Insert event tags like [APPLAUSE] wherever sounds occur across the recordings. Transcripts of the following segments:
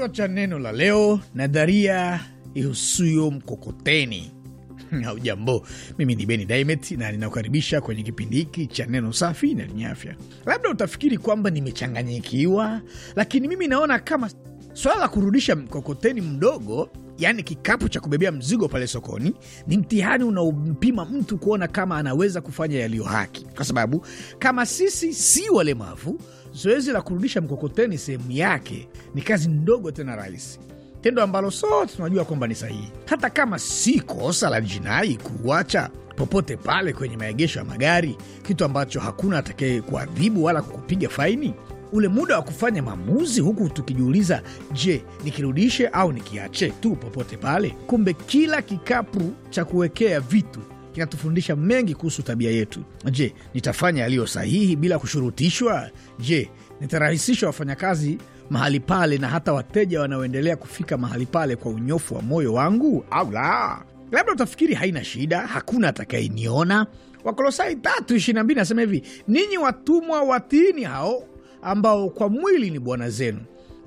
Kichwa cha neno la leo: nadharia ihusuyo mkokoteni. [LAUGHS] au jambo mimi ni Beni Dimet na ninakukaribisha kwenye kipindi hiki cha neno safi na lenye afya. Labda utafikiri kwamba nimechanganyikiwa, lakini mimi naona kama swala la kurudisha mkokoteni mdogo yani kikapu cha kubebea mzigo pale sokoni, ni mtihani unaompima mtu kuona kama anaweza kufanya yaliyo haki, kwa sababu kama sisi si walemavu, zoezi la kurudisha mkokoteni sehemu yake ni kazi ndogo tena rahisi, tendo ambalo sote tunajua kwamba ni sahihi, hata kama si kosa la jinai kuacha popote pale kwenye maegesho ya magari, kitu ambacho hakuna atakaye kuadhibu wala kukupiga faini ule muda wa kufanya maamuzi, huku tukijiuliza, je, nikirudishe au nikiache tu popote pale? Kumbe kila kikapu cha kuwekea vitu kinatufundisha mengi kuhusu tabia yetu. Je, nitafanya yaliyo sahihi bila kushurutishwa? Je, nitarahisisha wafanyakazi mahali pale na hata wateja wanaoendelea kufika mahali pale kwa unyofu wa moyo wangu au la? Labda utafikiri haina shida, hakuna atakayeniona. Wakolosai tatu ishirini na mbili nasema hivi, ninyi watumwa watiini hao ambao kwa mwili ni bwana zenu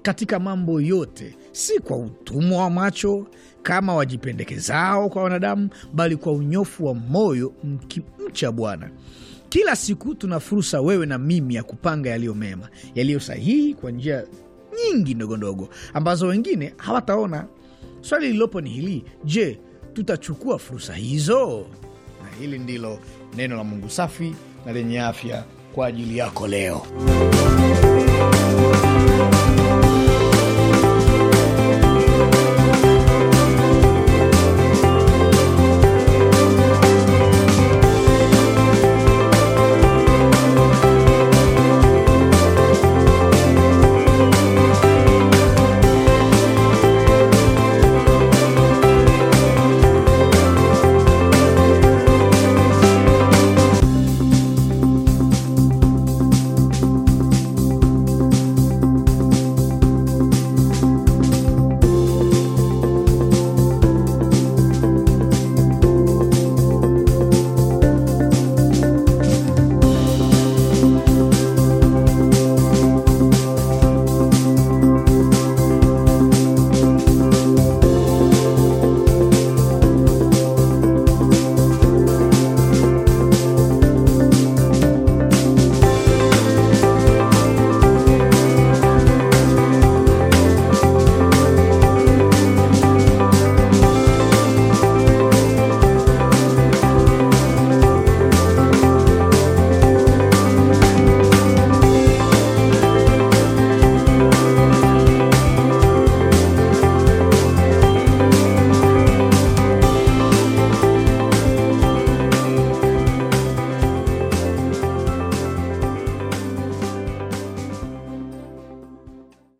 katika mambo yote, si kwa utumwa wa macho kama wajipendekezao kwa wanadamu, bali kwa unyofu wa moyo mkimcha Bwana. Kila siku tuna fursa, wewe na mimi, ya kupanga yaliyo mema, yaliyo sahihi, kwa njia nyingi ndogondogo ambazo wengine hawataona. Swali lililopo ni hili: je, tutachukua fursa hizo? Na hili ndilo neno la Mungu safi na lenye afya kwa ajili yako leo.